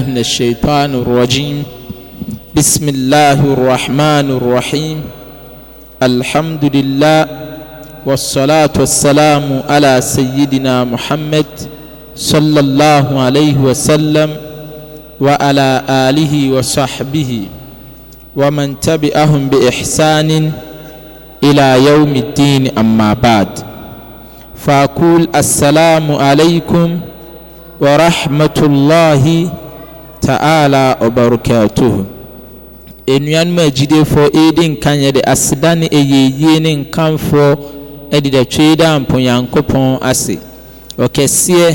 من الشيطان الرجيم بسم الله الرحمن الرحيم الحمد لله والصلاة والسلام على سيدنا محمد صلى الله عليه وسلم وعلى آله وصحبه ومن تبعهم بإحسان إلى يوم الدين أما بعد فأقول السلام عليكم ورحمة الله ta'ala obarukatuhu enuanom agyidefoɔ ɛredi nkanyɛ de aseda ne ɛyɛyie ne nkamfoɔ ɛde datwe da mponyankopɔn ase ɔkɛseɛ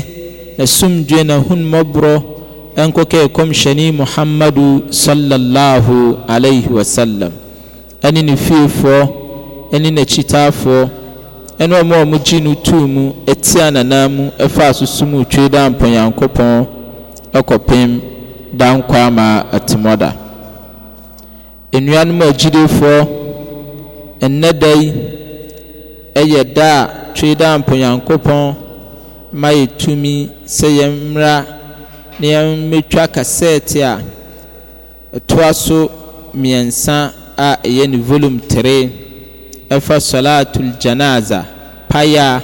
nasomdwe nahonmmɔborɔ ɛnkɔ kɛ kɔmhyɛne muhammadu sallallahu alaihi wasallam ɛne ne fiefoɔ ɛne n'akyitaafoɔ ɛne ɔmo a ɔmogye no tuu mu ɛtia nanaa mu ɛfa asosum twe da mponyankopɔn ɛkɔpem dan kwa ama ɛtemɔ da nnuanom agyidifoɔ nnɛ da yi yɛ da a twe da mponyankopɔn ma yɛ tumi sɛ yɛn mmra na yɛn mmetwa kasɛɛte a ɛtoa so mmiɛnsa a ɛyɛ ne volume three ɛfa solatul janaza paya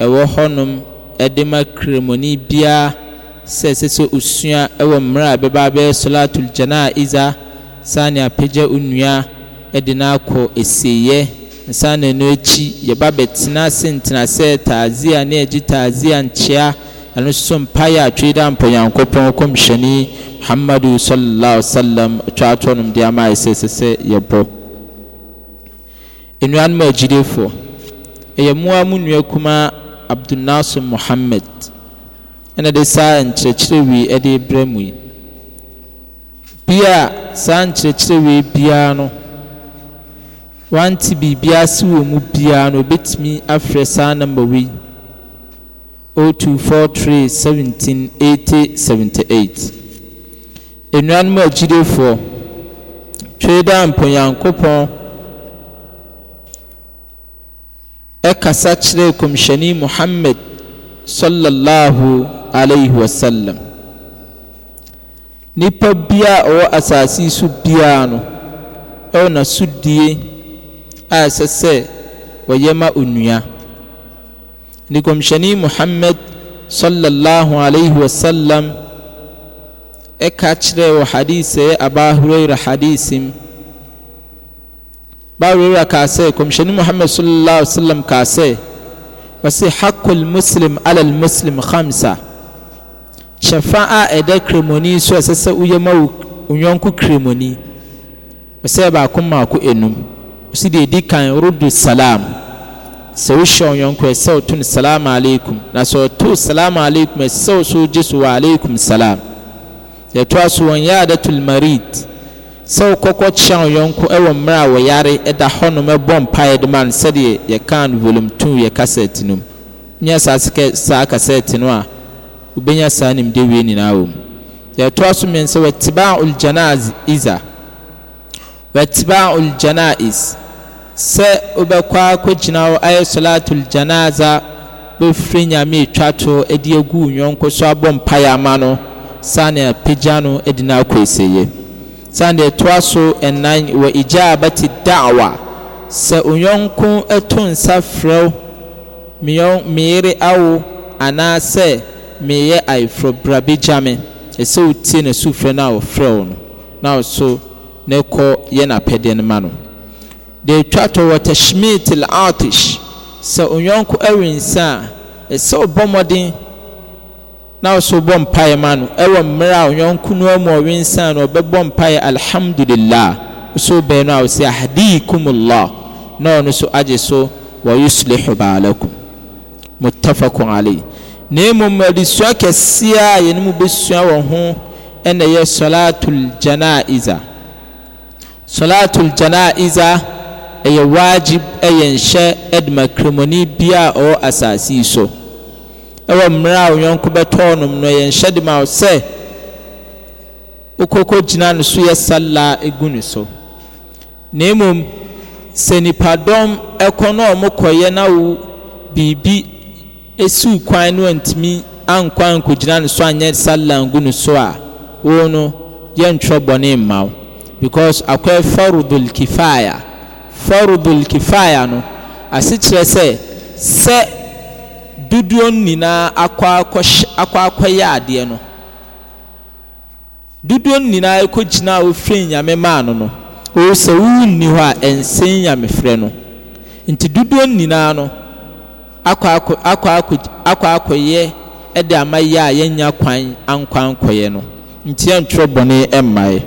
a ɛwɔ hɔnom ɛde ma kremoni biara sɛ ɛsɛ sɛ osua ɛwɔ mmerɛ a bɛba bɛyɛ solatul janaiza saa ne apagya onua ɛde no akɔ esieɛ nsa na ɛno akyi yɛba bɛtena ase ntena sɛ taazia ne agye taazia nkyea ɛno nso mpaeɛ atwei da mpɔnyankopɔn kɔmhyɛni muhammadu sallallahu sallam atwaatoɔ nom de ama ɛsɛ sɛ sɛ yɛbɔ nnuanom agyidefoɔ ɛyɛ mmoa mu nua kumaa abdulnasir muhammad ɛna de saa nkyerɛkyerɛ wii de brɛ mu yi bia saa nkyerɛkyerɛ wii biara no wante biribiara si wɔ mu biara no obɛtumi afrɛ saa namba wei 0243 17 80 78 nnuanom agyidefoɔ twere dɛ a mponyankopɔn ɛkasa kyerɛɛ kɔmhyɛni muhammad sallallahu alaihi wasallam nnipa bia a ɔwɔ asase yi so biara no ɛwɔ n'asodie a ɛsɛ sɛ wɔyɛ ma onua ne kɔmhyɛne muhammad sallallahu alaihi wasallam ɛka kyerɛ wɔ hadis ɛyɛ aba huraira hadisim ba huraira kaa sɛ kɔmhyɛne muhammad sallallahu alaihi wasallam kaa sɛ wɔse hakul muslim ala muslim khamsa hyɛfa a ɛda kremoni so a ɛsɛ sɛ woyɛ ma wo nyɔnko kremoni ɔsɛ baako mmaako enum ɔsi deɛ edi kan rodo salam sɛ wohyɛ onyɔnko ɛsɛ ɔto no salam aleikum na sɛ ɔto salam aleikum ɛsɛ ɔso gye so wɔ aleikum salam yɛtoa so wɔn yɛ adatul marid sɛ wokɔkɔ kyea onyɔnko ɛwɔ mmerɛ a wɔyare ɛda hɔnom ɛbɔ mpaeɛ de ma no sɛdeɛ yɛkaa no volume two yɛ kasɛɛte no mu nyɛ saa kasɛɛte no a wobɛnya saa nimde wie nyinaa wɔ mu yɛtoa so mmiɛn sɛ wɔtibaaul janaiza wɔtibaaul janais sɛ wobɛkɔ a kɔgyina hɔ ayɛ solatul janaza bɛfiri nyame twa to adi agu nyɔnko so abɔ mpaeɛ ama no sane apagya no adi no akɔ esieɛ sane deɛ ɛtoa so ɛnan wɔ ijabati da'wa sɛ onyɔnko ɛto nsa frɛw meyere awo anaasɛ meyɛ ayeforo bra bɛgya me ɛsɛ wotie ne sufrɛ no a wɔfrɛ wo no na wo so ne kɔ yɛ n'apɛdeɛ no ma no de atwa to wɔ tashmit l sɛ onyɔnko awensa a ɛsɛ wobɔ mmɔden na wo so bɔ mpaeɛ ma no ɛwɔ mmerɛ a onyɔnko no amu ɔwensa no ɔbɛbɔ mpaeɛ alhamdulillah wo so no a wo sɛ na ɔno so agye so wa yuslihu baalakum muttafaqun alayhi na mmom adesua kɛseɛ a yɛn mu bɛsua wɔn ho ɛna ɛyɛ solatul janaiza solatul janaiza ɛyɛ wajib ɛyɛ nhyɛ ɛde ma kremoni bia a ɔwɔ asase yi so ɛwɔ mmerɛ a onyɔnko bɛtɔɔ nom no ɛyɛ nhyɛ de ma sɛ wokɔkɔ gyina no so yɛ salla egu ne so na mmom sɛ nipadɔm ɛkɔ na ɔmo na wo biribi esiw kwan no antumi ankɔ ankɔgyina ne so anyɛ salla ngu ne so a wɔn no yɛntwerɛ bɔne mma wo because akɔyɛ farudul kifaya farudul kifaya no ase kyerɛ sɛ sɛ dodoɔ nyinaa akɔ akɔhyɛ akɔ akɔyɛ adeɛ no dodoɔ nyinaa akɔgyina a wɔfiri nyame maa no no wɔn sɛ wɔn nni hɔ a ɛnsɛn nyame frɛ no nti dodoɔ nyinaa no. akɔ akɔyɛ de ama yɛ a yɛanya kwan ankwa nkɔeɛ no nti ɛntwerɛ bɔne mmaeɛ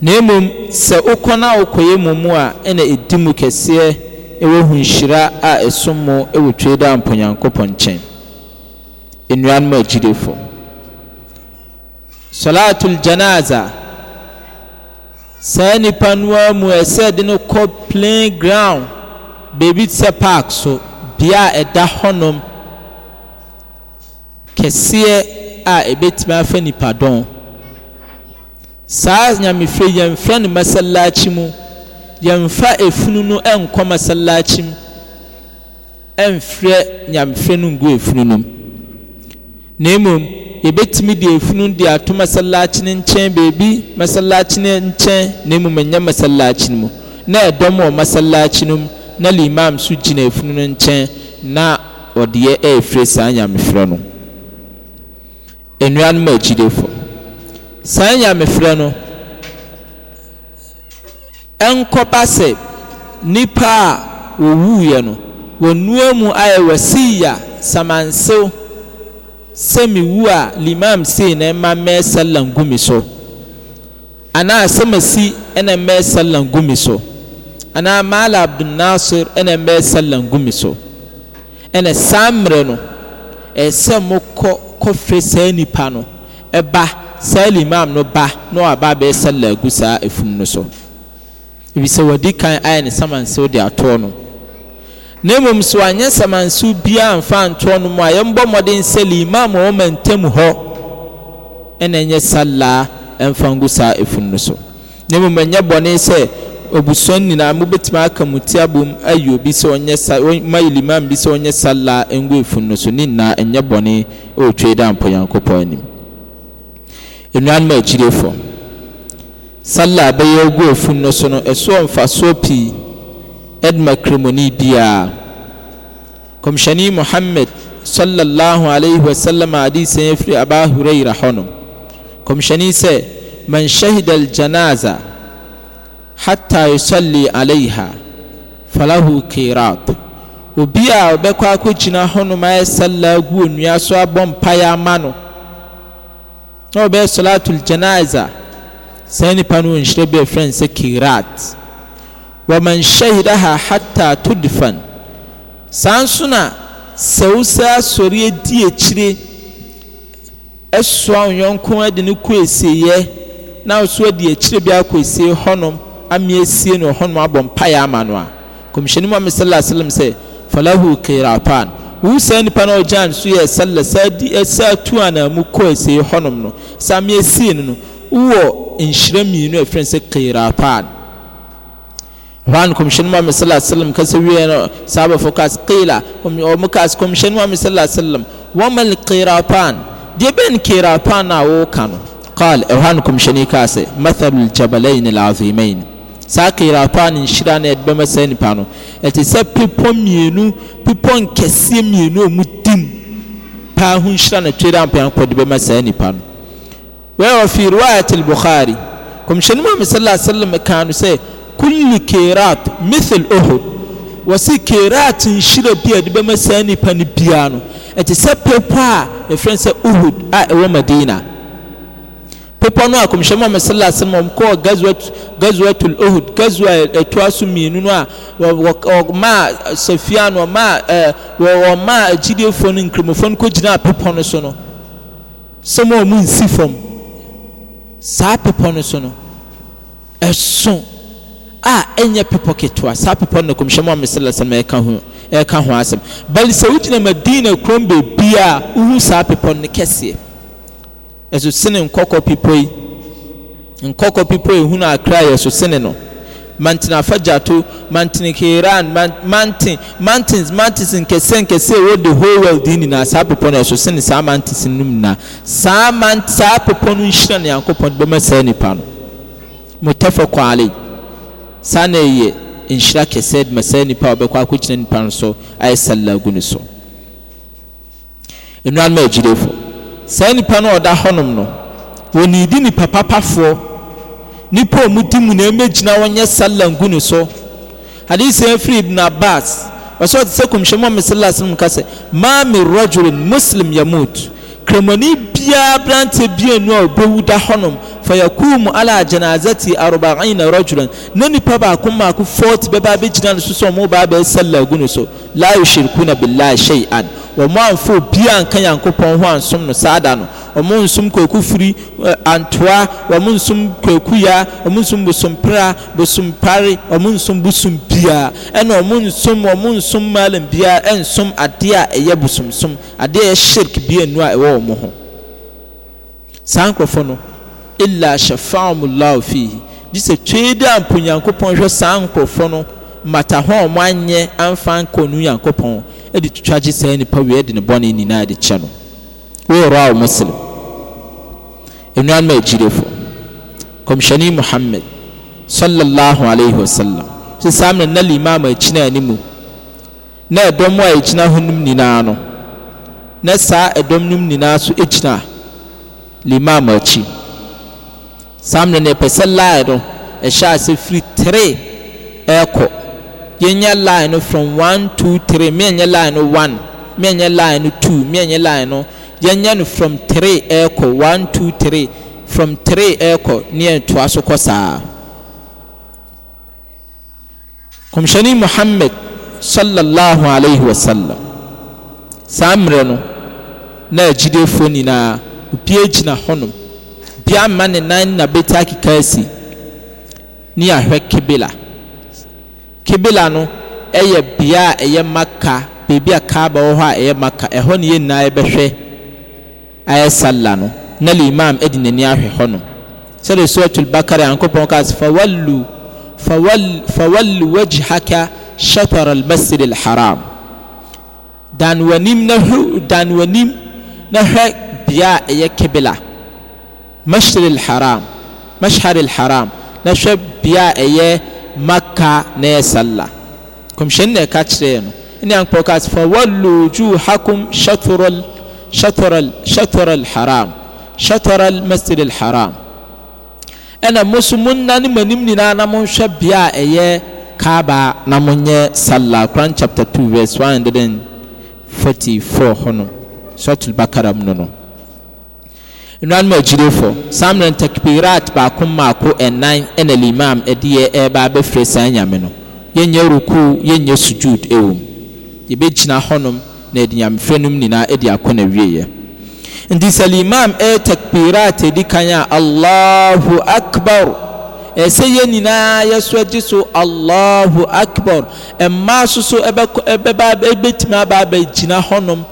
na mmom sɛ wokɔ no a wokɔyɛ mu mu a ɛna ɛdi mu kɛseɛ ɛwɔ hunhyira a ɛsom mu ɛwɔ twe da mponyankopɔn nkyɛn nnuanom agyidefo solatul janaza saa nnipa no ara mu ɛsɛ de no kɔ plain ground beebi baabi sɛ park so bea a ɛda hɔnom kɛseɛ a ɛbɛtumi afa nipadɔn saa nyamefrɛ yɛmfa no masalakyi mu yɛmfa efunu no ɛnkɔ masalakyi mu ɛmfrɛ nyamefrɛ no ngu efunu no mu na mmom yɛbɛtumi de efunu de ato masalakyi no nkyɛn beebi masalakyi no nkyɛn na mmom ɛnyɛ masalakyi no mu na ɛdɔm wɔ masalakyi no mu. na limam so gyina afunu no nkyɛn na ɔdeɛ ɛrefire saa nyamefrɛ no nnuanom agyidefo saa nyamefrɛ no ɛnkɔba sɛ nnipa a wɔwuiɛ no wɔnnua mu ayɛ wasiya samansew sɛ mewu a limam sei na ɛma mmɛɛ sallan so anaa sɛ ɛna mmɛɛ sallan gu so anaa maala abdunasor ɛna mbɛɛ sallan gu mi so ɛna saa mmerɛ no ɛyɛ e sɛ mokɔ kɔfrɛ saa nnipa no ɛba e saa limam no ba na waba bɛɛ sallan gu saa afum e no so efisɛ wɔdi kan ayɛ ne samansew de atoɔ no na mmom so anyɛ samansew biara mfa ntoɔ no mu a yɛmbɔ mmɔden sɛ limam a wɔma ntam hɔ ɛna ɛnyɛ sallaa ɛmfa ngu saa afum no so na mmom ɛnyɛ bɔne sɛ obusɔn nyinaa mobɛtumi aka mu ti abom ayi obi sɛ ɔnyɛ sa mayi limam bi sɛ ɔnyɛ sa ngu efu no so ne nyinaa ɛnyɛ bɔne ɔretwe da mpɔnyankopɔn anim nnuanom akyirefo sala bɛyɛ gu efu no so no ɛsoɔ mfasoɔ pii ɛdma kremoni biara kɔmhyɛni muhammed sallallahu alayhi wa sallam adi sɛn efiri abaa huraira hɔnom kɔmhyɛni sɛ man janaza hata yusali aleiha fa laho kirab obi a wɔbɛkɔ akɔ gyina hɔnom ayɛ sala guo nnua so abɔ mpayɛ ama no na wɔbɛyɛ solat ljanisa saa nnipa no wɔ nhyirɛ biafrɛn sɛ kiyrat wɔman shyahida ha hata todfan saa nso na sɛ wo sɛ asɔreɛ di akyire ɛsoanon yɔnko ade ne kɔ eseeeɛ nawosowadi akyire bi akɔ esiee hɔnom ame esie no hɔnom abɔ mpaeɛ ama no a kɔmhyɛni muhammed sallallahu alaihi wasallam sɛ falahu kiratan wu saa nipa na ɔgya nso yɛ salla saa di eh, saa tu ana mu kɔ esie hɔnom no saa ame esie no no wɔ nhyira mmienu a yɛfrɛ sɛ kiratan hwan kɔmhyɛni muhammed sallallahu alaihi wasallam kasa wie no saa abɔfo kaas kila ɔmo kaas kɔmhyɛni muhammed sallallahu alaihi wasallam wɔmɛl kiratan deɛ bɛn kiratan a wɔka no قال أوهانكم شنيكاسي مثل الجبلين العظيمين saa kayiraapa a ne nhyira no ɛde bɛma saa nipa no ɛte sɛ pepɔ mmienu pepɔ nkɛseɛ mmienu a mu dim paa ho nhyira no twere ampeankɔ de bɛma saa nipa no wɔyɛ fi riwayat al-bukhari kɔmhyɛni mu sallallahu alaihi wasallam kan no sɛ kulli kayiraat mithl uhud wɔsi kayiraat nhyira bi a de bɛma saa nipa no biara no ɛte sɛ pepɔ a yɛfrɛ sɛ uhud a ɛwɔ madina bepɔ no a kɔmhyɛm a masala asɛm a ɔmkɔɔ gazwatul ohud gazwa ɛtoa so mmienu no a ɔmaa safia no ɔmaa ɔmaa agyidiefoɔ no nkramofoɔ no kɔgyinaa pepɔ no so no sɛm a ɔmo nsi fam saa pepɔ no so no ɛso a ɛnyɛ pepɔ ketewa saa pepɔ no na kɔmhyɛm a masala asɛm ɛka ho ɛka ho asɛm bali sɛ wogyina madina kurom beebi a wohu saa pepɔ no kɛseɛ ɛso sene nkɔkɔ pipoe nkɔkɔ pipoe hunu akra yɛ so sene no mantin afagyato mantin keran mantin mantins mantins nkɛse nkɛse wɔ the whole world yi nyinaa saa popɔ no ɛso sene saa mantins no nyinaa saa mant saa popɔ no nhyira ne yankopɔn bɛma saa nipa no mutafɔ kwaale saa na ɛyɛ nhyira kɛseɛ de ma saa nipa a ɔbɛkɔ akɔgyina nipa no so ayɛ salla agu ne so nnuanoma agyirefo saa nipa no ɔda hɔnom no wɔn di nipa papafoɔ nipa a wɔn di mu na ɛmɛgyina wɔn nyɛ sallan gu ne so hadisi efiri ibn abbas wɔsɛ ɔte sɛ kɔmhyɛn mu a mesala asɛm ka sɛ maami rɔdwere muslim yamut kramoni biara aberante bienu a ɔbɛwu da hɔnom fayakum ala janazati arba'ina rajulan na nipa baako mmaako forty bɛba abɛgyina no so sɛ ɔmo ba abɛɛ sɛlɛ agu no so la yushirikuna billahi shay'an wɔn amfo biara nka nyankopɔn ho ansom no saa da no wɔn nsum kwaku firi antoa wɔn nsum kwaku ya wɔn nsum bosompira bosompare wɔn nsum bosom biara ɛna wɔn nsum wɔn nsum malam biara ɛnsom adeɛ a ɛyɛ bosomsom adeɛ a ɛyɛ shirk biara nu ɛwɔ wɔn ho saa nkurɔfoɔ no. illa shafa'ahumullahu fihi gye sɛ twei a mpo nyankopɔn hwɛ saa nkurɔfoɔ no mata ho a wɔn anyɛ amfa nkɔ no nyankopɔn ɛde twitwa gye saa nipa wei de ne bɔne nyinaa de kyɛ no wɔrɔ a muslim nnuanom agyirefo e kɔmhyɛne muhammad sallallahu alaihi wasallam sɛ saa mmerɛ na limam akyina e animu na ɛdɔm a ɛgyina e ho nom nyinaa no na saa ɛdɔm nom nyinaa so gyina limam akyi saa mmerɛ no yɛpɛ sɛ line no ɛhyɛ ase firi three ɛrekɔ yɛnyɛ line no from one two three meɛnyɛ line no one meɛnyɛ line no two meɛnyɛ line no yɛnyɛ no from three ɛrekɔ one two three from three ɛrekɔ ne yɛntoa so kɔ saa kɔmhyɛne muhammad sallallahu alaihi wasallam saa mmerɛ no na agyidefoɔ nyinaa obiara gyina hɔnom bia ama ne nan na bɛti akeka asi ne yɛahwɛ kibila kibila no ɛyɛ bia a ɛyɛ maka beebi a kaaba wɔ hɔ a ɛyɛ maka ɛhɔ ne yɛn nyinaa yɛbɛhwɛ ayɛ salla no na imam adi n'ani ahwɛ hɔ no sɛde suratul bakara yankopɔn kaa sɛ fawallu fawal fawallu wajhaka shatar almasjid alharam dan w'anim na hwɛ dan w'anim na hwɛ bia a ɛyɛ kibila mashhadil haram mashhadil haram na hwɛ bea a ɛyɛ maka na ɛyɛ salla kɔmhyɛn na ɛka kyerɛɛ no ɛne ankpɔ ka fa wallu wujuhakum shatrul shatrul shatrul haram shatrul masjidil haram ɛna mo nso mo nnane mo anim nyinaa na mo nhwɛ bea a ɛyɛ kaaba na mo nyɛ salla Quran chapter two verse one hundred and forty four hɔ no suratul bakara mu no nnuanom agyirefo samran takbirat baako mmaako ɛnan ɛna limam ɛdeɛ ɛreba abɛfrɛ saa nyame no yɛnyɛ ruku yɛnyɛ sujud ɛwɔ mu yɛbɛgyina hɔnom na ɛde nyamefrɛ nom nyinaa ɛde akɔ na wieɛ nti sɛ limam ɛyɛ takbirat ɛdi kan a allahu akbar ɛsɛ yɛn nyinaa yɛso agye so allahu akbar mmaa soso ɛbɛba ɛbɛtumi aba abɛgyina hɔnom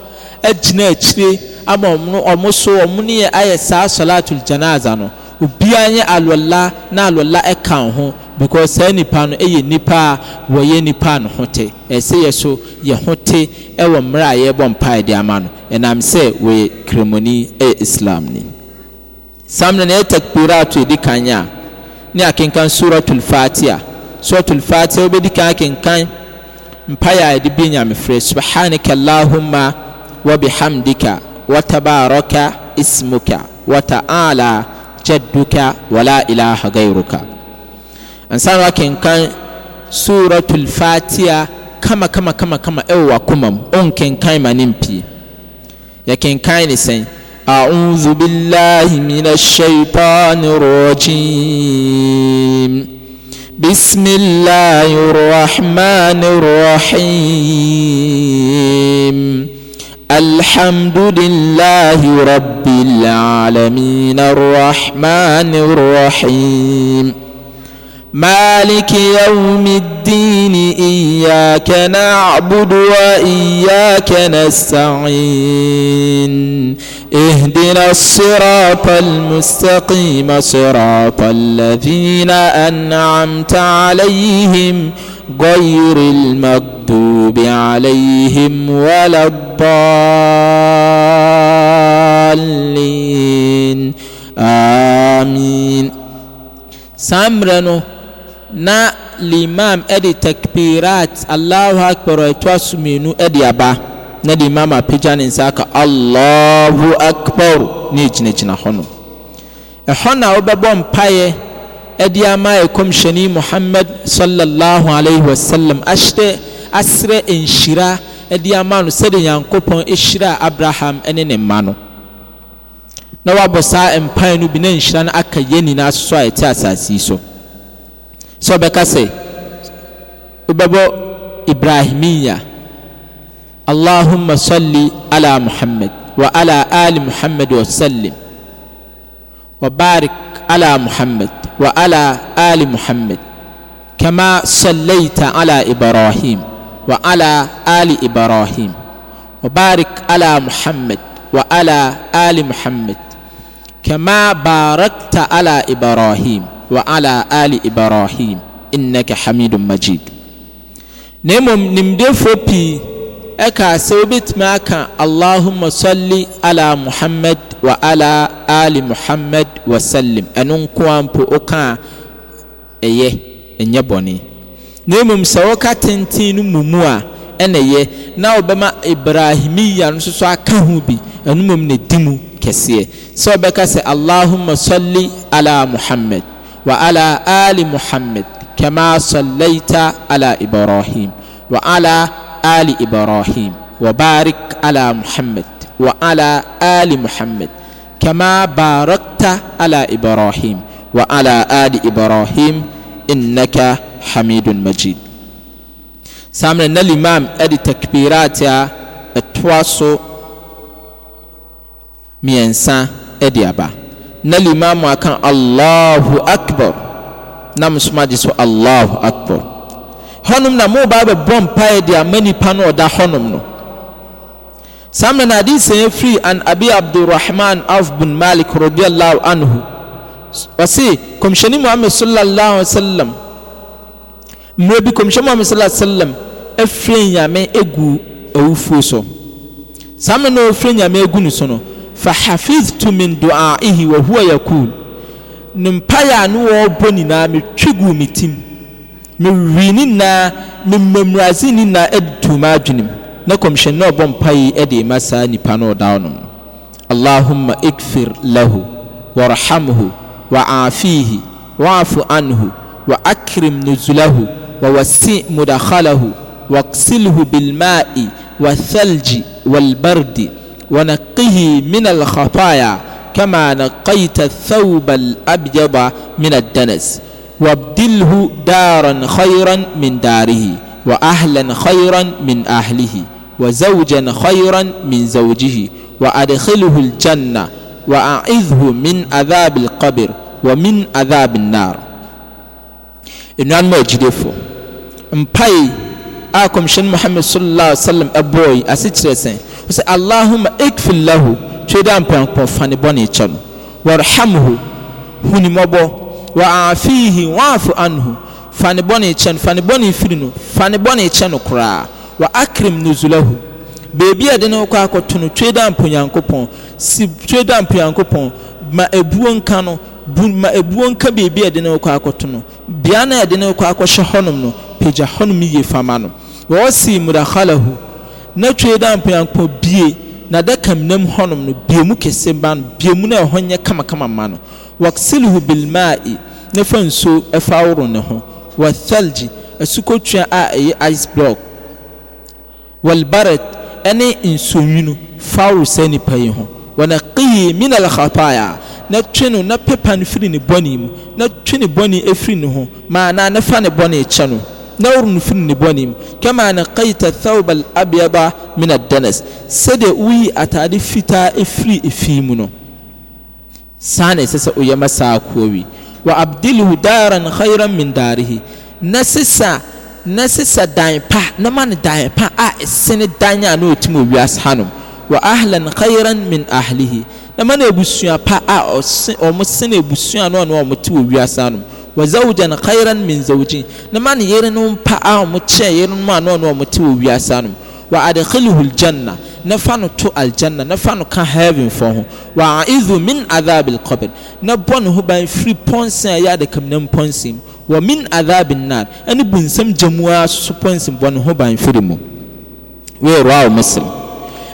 ɛgyina akyire ama ɔmo so ɔmo ne yɛ ayɛ saa salatul janaza no obiara nyɛ alwala na alwala ɛka ho because saa nipa no ɛyɛ nipa a wɔyɛ nipa no ho te ɛsɛ yɛ so yɛ ho te ɛwɔ mmerɛ a yɛrebɔ mpaeɛ de ama no ɛnam sɛ wɔyɛ kremoni ɛyɛ islam ni sam na yɛ takbirato edi kan a ne akenkan suratul fatia suratul fatia wobɛdi kan akenkan mpaeɛ a yɛde bi nyamefrɛ subhanaka allahumma wa bihamdika watabaraka ismuka wataala jadduka wala ilaha gairuka ansan wa kenkan suratul fatiha kama kama kama kama ɛwɔ wakoma mu ɔnkenkan ma ne mpie yɛkenkan ne sɛn أعوذ بالله من الشيطان الرجيم بسم الله الرحمن الرحيم الحمد لله رب العالمين الرحمن الرحيم مالك يوم الدين اياك نعبد واياك نستعين اهدنا الصراط المستقيم صراط الذين انعمت عليهم غير المغضوب عليهم ولا الضالين آمين سامرنو na limam ɛde takbirat allahu akbar ɛtoa so mmienu ɛde aba na de imam apagya ne nsa aka allahu akbar ne gyinagyina hɔ no ɛhɔ na wobɛbɔ mpaeɛ ɛde ama ɛkɔmhyɛni muhammad sallallahu alaihi wasallam ahyɛ asrɛ nhyira ɛde ama no sɛde nyankopɔn ɛhyira abraham ɛne ne mma no na wabɔ saa mpan no bi na nhyira no aka yɛ nyinaa so a ɛte asase yi so sɛ ɔbɛka sɛ wobɛbɔ ibrahimiya allahumma salli ala muhammad wa ala ali muhammad wa sallim وبارك على محمد وعلى آل محمد كما صليت على إبراهيم وعلى آل إبراهيم وبارك على محمد وعلى آل محمد كما باركت على إبراهيم وعلى آل إبراهيم إنك حميد مجيد نمم نمدفو بي أكا سوبت ماكا اللهم صلي على محمد wa ala ali muhammad wa sallim ɛno nko a mpo ɔka a ɛyɛ ɛnyɛ bɔne na mmom sɛ wɔka tenten no mu mu a ɛna ɛyɛ na ɔbɛma ibrahimiya no nso aka ho bi ɛno mmom na di mu kɛseɛ sɛ ɔbɛka sɛ allahumma salli ala muhammad wa ala ali muhammad kama sallaita ala ibrahim wa ala ali ibrahim wa barik ala muhammad وعلى آل محمد كما باركت على إبراهيم وعلى آل إبراهيم إنك حميد مجيد سامنا الإمام أدي تكبيرات التواصل مينسا أدي أبا نالإمام وكان الله أكبر nam so magye so allahu akbar hɔnom na mo ba bɛbɔ mpaeɛ de ama nipa no ɔda hɔnom no saa na hadisi yɛn firi an abi abdulrahman auf bin malik radiyallahu anhu ɔsi kɔmhyɛni muhammed sallallahu alaihi wa sallam mmerɛ bi kɔmhyɛni muhammed sallallahu alaihi wa sallam efiri nyame egu awufuo so saa na ofiri nyame egu ne so no fa hafiz tumin du'a ihi wa huwa yakul ne mpaeɛ a ne wɔrebɔ nyinaa metwi gu me tim mewi ne nyinaa me mmamurazi ne nyinaa adu mu adwene mu na kɔmhyɛni e no ɔbɔ mpayi ɛde ma saa nipa no ɔda no allahumma ikfir lahu warhamhu وعافيه واعف عنه وأكرم نزله ووسع مدخله واغسله بالماء والثلج والبرد ونقه من الخطايا كما نقيت الثوب الأبيض من الدنس وابدله دارا خيرا من داره وأهلا خيرا من أهله وزوجا خيرا من زوجه وأدخله الجنة وأعذه من عذاب القبر ومن عذاب النار إنوان مجدفو مباي أكم شن محمد صلى الله عليه وسلم أبوي أسيترسين وسي اللهم اكفل له تيدا مبانكو فاني بني چلو وارحمه هوني مبو وعافيه وعفو عنه فاني بني چن فاني بني فرنو فاني بني چنو كراه wa akrim nuzulahu beebi a de ne kɔ akɔto no twe da mponyankopɔn si twe da mponyankopɔn ma ebuo nka no bu ma ebuo nka beebi a de ne kɔ akɔto no bea na yɛde ne kɔ akɔhyɛ hɔnom no pagya hɔnom yie fama no wɔɔsi mudakalahu na twe da mponyankopɔn bie na adaka nam hɔnom no bie mu ba no bie na ɛhɔ nyɛ kamakama ma no waksilhu bilmaai na fa nsuo ɛfa aworo ne ho wa thalgye asukotwa a ɛyɛ ice block walbarat ɛne nsonwino fawo sɛ nipa yi ho wɔna qii min alkhataya na twe no na pepa no firi ne bɔne mu na twe ne bɔne ɛfiri ne ho maana na fa ne bɔne kyɛ no na woro no firi ne bɔne mu kama naqaita thawb alabyada min adanas sɛdeɛ woyi ataade fitaa ɛfiri ɛfii mu no saa na ɛsɛ sɛ woyɛ ma saa akoa wi wa abdilhu daran khairan min darihi na sesa na sisa dan pa na ma ne dan pa a ɛsene dan a na ɔtumi owiase hanom wa ahlan khairan min ahlihi na ma na ebusua pa a ɔse ɔmo sene ebusua no a na ɔmo te owiase hanom wa zawjan khairan min zawjin na ma ne yerenom pa a ɔmo kyɛ yerenom a na ɔmo te owiase hanom wa adkhilhu aljanna na fa no to aljanna na fa no ka heaven fo ho wa a'idhu min adhab alqabr na bɔ ne ho ban firi pɔnsɛn a ɛyɛ adakamnam pɔnsɛn mu wɔ min adhabin nar ɛne bunsam gyamua so pɔnsimbɔ ne ho ban firi mu wei raw muslim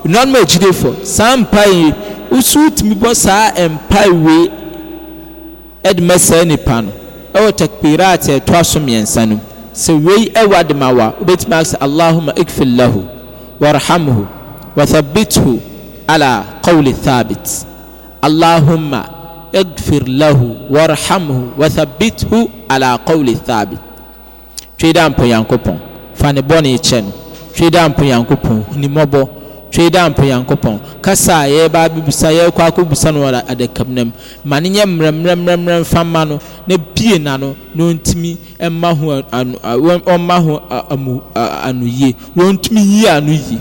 nnuanom agyidefo saa mpae wosu tumi bɔ saa mpae wei ɛde ma saa nipa no ɛwɔ takbirat a ɛtoa so mmiɛnsa no sɛ wei ɛwɔ ade wobɛtumi aka sɛ allahuma warhamhu wathabithu ala qawli thabit allahumma اغفر له وارحمه وثبته على قول ثابت twe da mpo yankopɔn fa ne bɔne kyɛ no twe da mpo yankopɔn hunimɔbɔ twe da mpo yankopɔn kasa a yɛreba abibisa yɛrekɔ akɔbisa no wɔ adakamnam ma ne nyɛ mmerɛmmerɛmmerɛ mfa ma no na bie na no na ɔntumi mma ho ano ɔmma ho amu ano yie wɔntumi yie ano yie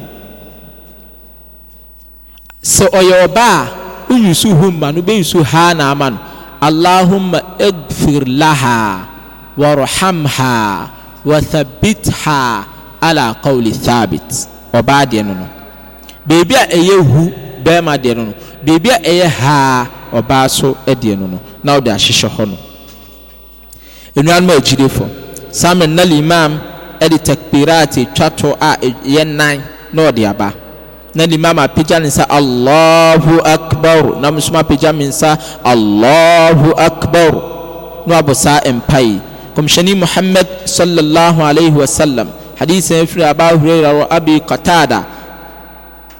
sɛ ɔyɛ ɔbaa woyusu hu ma no wobɛyusu haa na ama no allahumma agfir laha warhamha wathabitha ala qawli thabit ɔbaa deɛ no no beebi a ɛyɛ hu bɛrima deɛ no no beebi a ɛyɛ haa ɔbaa so deɛ no no na ɔde ahyehyɛ hɔ no nnuanom a agyirefo samin na limam de takbiraat etwa a ɛyɛ nan na ɔde aba na limam apagya ne nsa allahu akbar na msoma apagya me nsa allahu akbar na wabɔ saa mpae kɔmhyɛni muhammad sallallahu alaihi wasallam hadisi na firi aba huraira wɔ abi qatada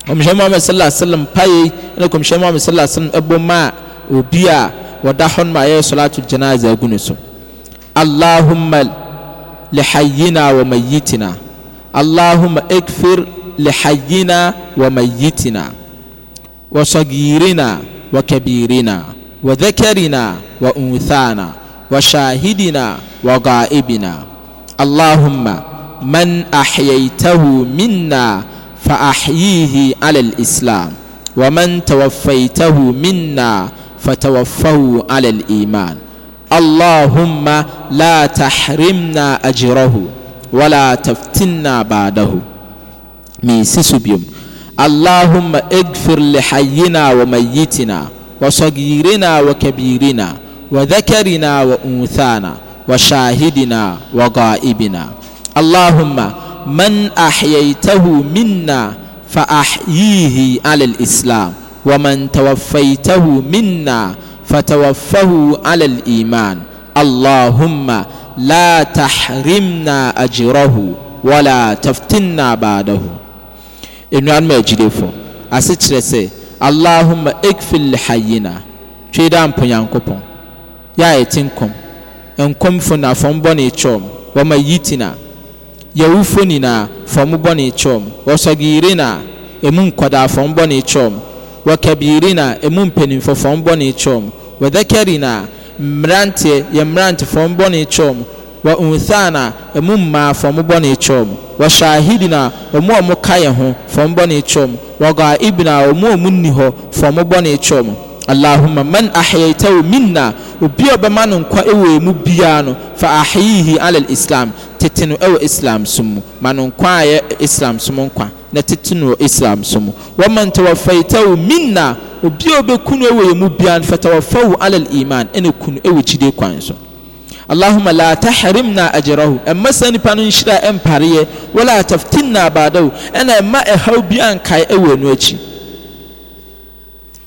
kɔmhyɛni muhammad sallallahu alaihi wasallam mpae na kɔmhyɛni muhammad sallallahu alaihi wasallam ɛbɔ ma obi a wɔda hɔ no ma yɛ salatu janaza agu ne so allahumma lihayyina wa mayyitina allahumma ikfir لحينا وميتنا وصغيرنا وكبيرنا وذكرنا وانثانا وشاهدنا وغائبنا اللهم من احييته منا فاحييه على الاسلام ومن توفيته منا فتوفه على الايمان اللهم لا تحرمنا اجره ولا تفتنا بعده من سسبيم اللهم اغفر لحينا وميتنا وصغيرنا وكبيرنا وذكرنا وأنثانا وشاهدنا وغائبنا اللهم من أحييته منا فأحييه على الإسلام ومن توفيته منا فتوفه على الإيمان اللهم لا تحرمنا أجره ولا تفتنا بعده nnuanom agyilefo ase kyerɛ sɛ allahumma ekfil lihayina twei da mpo nyankopɔn yɛ a yɛte nkɔm nkɔmfo na fɔm bɔne kyɔm wɔma yitina yɛwufo nyinaa fɔm bɔne kyɔm wɔsɔgiire na emu nkɔdaa fɔm bɔne kyɔm wɔkabiire na emu mpanimfo fɔm bɔne kyɔm wɔdɛkɛri na mmeranteɛ yɛ mmerante fɔm bɔne kyɔm wa unthana ɛmu mmaa fam bɔne kyɛw mu wa shahidina ɛmu a ɔmo ka yɛn ho fam bɔne kyɛw mu wa ghaibina ɔmo a ɔmo nni hɔ fam bɔne kyɛw mu allahumma man ahyaitahu minna obi a ɔbɛma no nkwa ɛwɔ emu biara no fa ahyihi alal islam tete no ɛwɔ islam so mu ma no nkwa a islam so mu nkwa na tete no islam so mu wɔman tawafaitahu minna obi a ɔbɛku no ɛwɔ emu biara no fa tawafahu alal iman ɛna ku no ɛwɔ gyide kwan so allahumma la e e e na ajrahu ɛmma saa nipa no nhyira ɛmpareɛ wala na badaw ɛna ɛmma ɛhaw bi ankae ɛwɔ ɛno akyi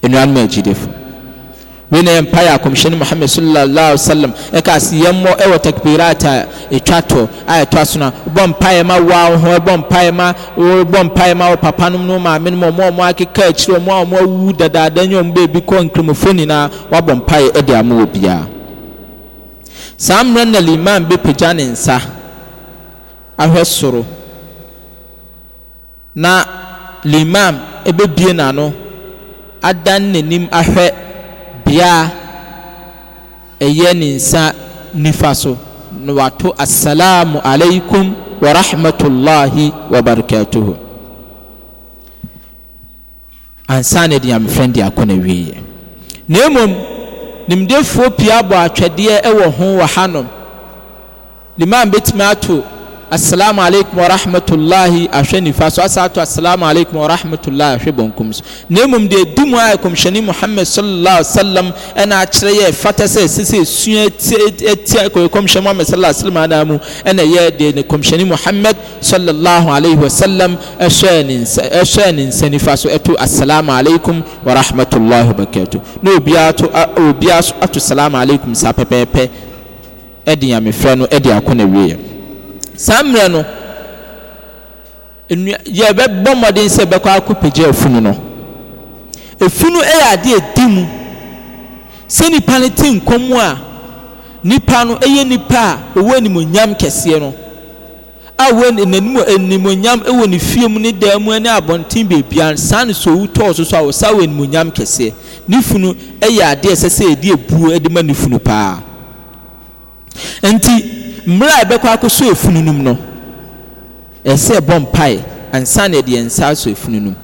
nnuanom agyidefo wei na yɛmpaeɛ akɔmhyɛne muhammad sallallahu wasallam ɛka ase yɛmmɔ ɛwɔ takbirat a ɛtwa tɔ a ɛtɔ so no bɔ mpaeɛ ma woa wo ho bɔ mpaeɛ ma bɔ mpaeɛ ma wo papa nom no maame nom ɔmo ɔmo akeka akyire ɔmo a ɔmo awu dadaada nyɛ ɔmo baabi kɔ nkramofo nyinaa woabɔ mpaeɛ ɛde ama wɔ biara saa mmerɛ na liman e bɛpagya e ne nsa ahwɛ soro na liman ɛbɛbie n'ano adan n'anim ahwɛ bea ɛyɛ ne nsa nifa so na wato asalaamu alaikum wa rahmatulahi wa barakatuhu ansa ne deɛ amfɛn deɛ akɔ na wieɛ na mmom nimdefoɔ pii abɔ atwɛdeɛ wɔ ho wɔ hanom limam bɛtumi ato asalaamu aleykum wa rahmatulahi ahwɛ nifa so asaato asalaamu aleykum wa rahmatulahi ahwɛ bonkum so na emom deɛ di mu a kɔmhyɛni muhammed sallallahu alaihi wa sallam ɛna akyerɛ yɛ fata sɛ sisi esua etia kɔmhyɛni muhammed sallallahu alaihi wa sallam anan mu ɛna yɛ deɛ ne kɔmhyɛni muhammed sallallahu alaihi wa sallam ɛhyɛ ne nsa ɛhyɛ ne nsa nifa so ɛto asalaamu aleykum wa rahmatulahi wa barakatuh na obiara to obiara ato salaamu aleykum saa pɛpɛɛpɛ ɛde nyamefrɛ no ɛde akɔ na wieɛ saa mmerɛ no nnua yɛbɛbɔ mmɔden sɛ bɛkɔ akɔpagya afunu no efunu yɛ adeɛ di mu sɛ nipa no te nkɔm a nipa no yɛ nipa a ɔwɔ animonyam kɛseɛ no a wɔ n'anim animonyam wɔ ne fie mu ne dan mu ne abɔnten beebia saa ne so owu tɔɔ so so a ɔsa wɔ animonyam kɛseɛ ne funu yɛ adeɛ sɛ sɛ yɛde ebuo de ma ne funu paa nti mmerɛ a ɛbɛkɔ akɔsɔ efunu no mu no ɛsɛ ɛbɔ mpae ansa na ɛde yɛn nsa asɔ efunu no mu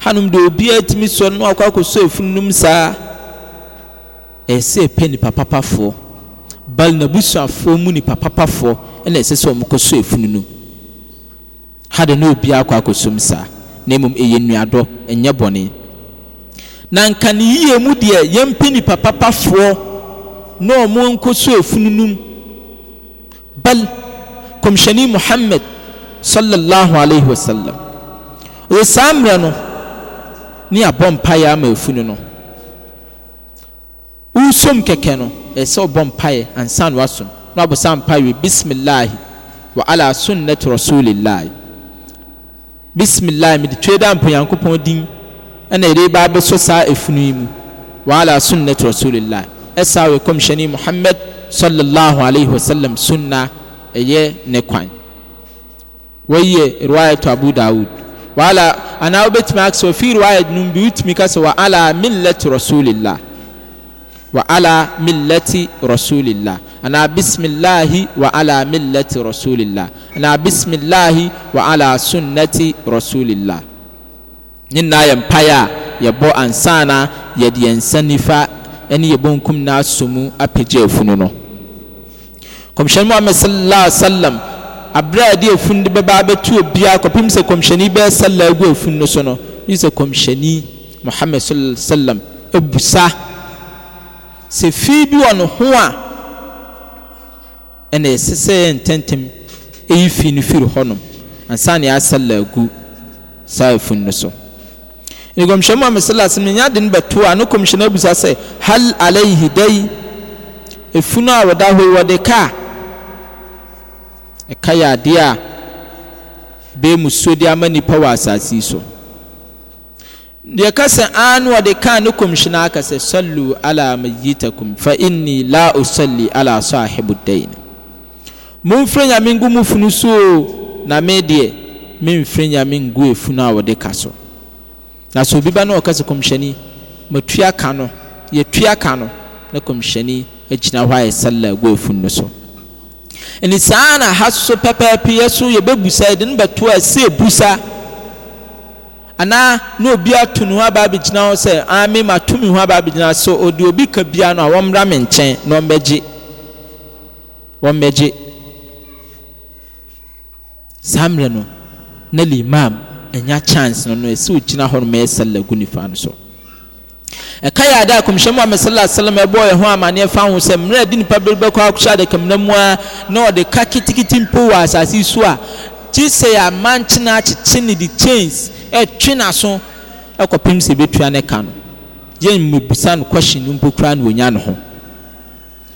hanom deɛ obiara tumi sɔ no akɔ akɔsɔ efunu no saa ɛsɛ ɛpɛ nipa papafoɔ bal n'abusuafoɔ mu nipa papafoɔ ɛna ɛsɛ sɛ wɔn kɔsɔ efunu no mu ha de na obiara akɔ akɔsɔ mu saa na mmom ɛyɛ nnuadɔ ɛnyɛ bɔne na nka ne yie mu deɛ yɛmpɛ nipa papafoɔ na wɔn nkɔsɔ efunu no bal kɔmhyɛni muhammad sallallahu alaihi wa sallam ɔyɛ saa mmerɛ no ne abɔ mpaeɛ ama afunu no wosom kɛkɛ no ɛyɛ sɛ ɔbɔ mpaeɛ ansa na wasom na wabɔ saa mpaeɛ bismillahi wa ala sunnati rasulillahi bismillahi mede twe da mpo nyankopɔn din ɛna yɛde ba saa afunu yi mu wa ala sunnati rasulillahi ɛsaa wɔ kɔmhyɛni muhammad sallallahu alayhi wa sallam sunna ɛyɛ ne kwan wɔyɛ riwayat abu daud wala anaa wobɛtumi akasɛ wɔ fi riwayat no bi wotumi ka sɛ wa ala millati rasulillah wa ala millati rasulillah anaa bismillahi wa ala millati rasulillah anaa bismillahi wa ala sunnati rasulillah ne nyinaa yɛ mpaeɛ a yɛbɔ ansana yɛde yɛn nsa nifa ne yɛbɔ nkum no asɔ mu afunu no kɔmhyɛni muhammed sallallahu alaihi wa sallam abere a yɛde efun de bɛba abɛtu obiara kɔpem sɛ kɔmhyɛni bɛyɛ sallah egu efun no so no yi sɛ kɔmhyɛni muhammed sallallahu alaihi wa sallam ebusa sɛ fii bi wɔ ne ho a ɛna ɛsɛ yɛ ntɛntɛm eyi fii no firi hɔnom ansa na yɛ egu saa efun no so ne kɔmhyɛni muhammed sallallahu alaihi wa sallam nyɛ ade no a ne kɔmhyɛni ebusa sɛ hal alayhi dai efunu a wɔda hɔ yi wɔde kaa ɛka yɛ adeɛ a bɛɛ mu so de ama nipa wɔ asase so deɛ kasa an wɔde kan ne kɔmhyina akasa sallu ala mayitakum fa inni la usalli ala sahibu dain momfrɛ nyame ngu mu funu so na me deɛ memfrɛ nyame ngu efunu a wɔde ka so na sɛ obi ba na ɔka sɛ kɔmhyɛni matua ka no yɛtua ka no na kɔmhyɛni agyina hɔ a salla agu efunu no so ɛne saa na ha so pɛpɛɛpɛ yɛ so yɛbɛbusa yɛde no bɛto a sɛ ebusa anaa na obi ato ne ho aba abɛgyina hɔ sɛ ame ma to me ho aba abɛgyina so ɔde obi ka bia no a wɔmmra me nkyɛn na ɔmmɛgye wɔmmɛgye saa mmerɛ no na limam ɛnya chance no no ɛsɛ ogyina hɔ no ma ɛsɛ lagu nifa no so ɛka yɛ ada a kɔmhyɛ mu amesala asalam ɛbɔɔ yɛ ho amanneɛ fa ho sɛ mmerɛ de nipa bere bɛkɔ akɔhyɛ adakamena mu a na ɔde ka kitikiti mpo wɔ asase so a gye sɛ yɛ amankyena akyekye ne de chains ɛtwe n'aso ɛkɔpem sɛ ɛbɛtua ne ka no yɛn mmebisa no question mpo kura no wɔnya ne ho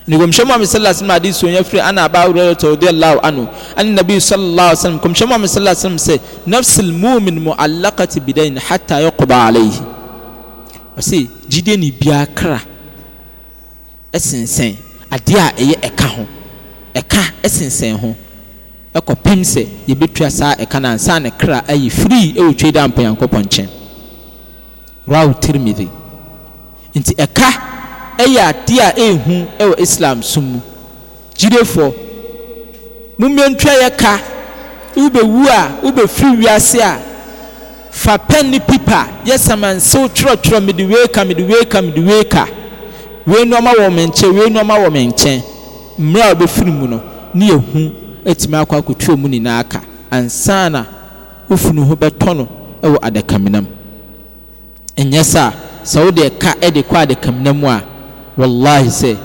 ne kɔmhyɛ mu amesala asalam ade so nya firi ana aba awurɛ tɔ ɔde law ano ɛne nabi sallallahu alaihi wasallam kɔmhyɛ mu amesala asalam sɛ nafsil mu'min mu'allaqati bidain hatta yaqba alayhi ɔse gyidie ne biaa kra ɛsensɛn adeɛ a ɛyɛ ɛka ho ɛka ɛsensɛn ho ɛkɔ ɛkɔpem sɛ yɛbɛtua saa ɛka na ansa ne kra ayi firii ɛwɔ twei da ampa nyankopɔn nkyɛn raw tirmidhi nti ɛka ɛyɛ adeɛ a ɛɛhu ɛwɔ islam sum mu gyidefoɔ mommɛntua yɛ ka wobɛwu a wobɛfiri wiase a fa pɛn ne pipa yɛ samansew twerɛtwerɛ mede wei ka mede wei ka mede wei ka wei nneɛma wɔ me nkyɛn wei nneɛma wɔ me nkyɛn mmerɛ a wɔbɛfiri mu no ne yɛhu atumi akɔ akɔtua mu nyinaa ka ansa na wofunu ho bɛtɔ no wɔ adakaminam ɛnyɛ saa sɛ wode ɛka de kɔ adakaminam mu a wallahi sɛ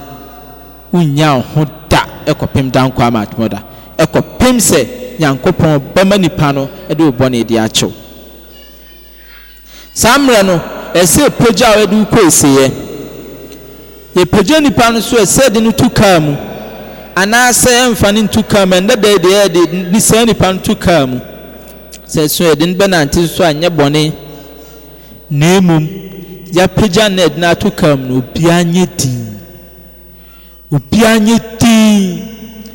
wonnya ho da ɛkɔpem da nkɔ ama atomɔ da ɛkɔpem sɛ nyankopɔn bɛma nipa no de wo bɔne de akyew saa mmerɛ no ɛsɛ pagya a wɔde kɔ esieɛ yɛpagya nipa no so ɛsɛ de no tu kaa mu anaasɛ ɛmfa ne ntu kaa mu ɛnda da deɛ yɛde ne saa nipa no tu kaa mu sɛ so yɛde no bɛnante so a nyɛ bɔne na mmom yɛapagya no yɛde no ato kaa mu no obiara nyɛ dinn obiara nyɛ dinn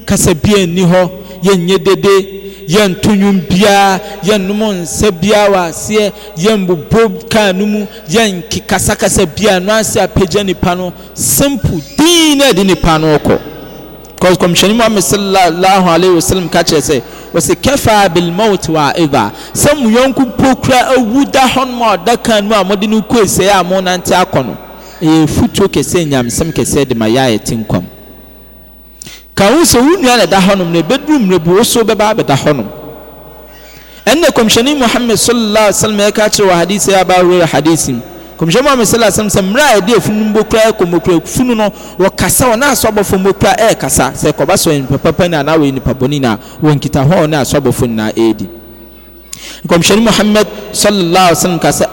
kasa biara nni hɔ yɛnyɛ dede yɛnto nnwom biara yɛnnom nsa biara wɔ aseɛ yɛnbobɔ kaa no mu yɛnkekasakasa biara no ase apagya nipa no simple din na ɛde nipa no kɔ because kɔmhyɛni muhammed sallallahu alaihi wa sallam ka kyerɛ sɛ wɔsi kɛfɛ abilmɔt wɔ eva sɛ mu yɔnko pokura awu da hɔ nom a ɔda kan mu a wɔde no kɔ esɛɛ a wɔnante akɔ no ɛyɛ futuo kɛseɛ nyamsɛm kɛseɛ de ma yɛ a yɛte nkɔm ka ho sɛ wo nua na ɛda hɔnom na ɛbɛduru mmerɛ bi wɔso bɛba abɛda hɔnom ɛnna kɔmhyɛni muhammed sallallahu alaihi wa sallam ɛka kyerɛ wɔ hadisi aba awurɛ hadisi mu kɔmhyɛni muhammed sallallahu alaihi wa sallam sɛ mmerɛ a yɛde efunu mbokura kɔmokura funu no wɔkasa wɔn a asɔbɔfo mbokura ɛɛkasa sɛ kɔba sɔ nipa papa na anaa nipa bɔnni na wɔn kita hɔ na asɔbɔfo na ɛɛdi kɔmhyɛni muhammed sallallahu alaihi wa sallam kasa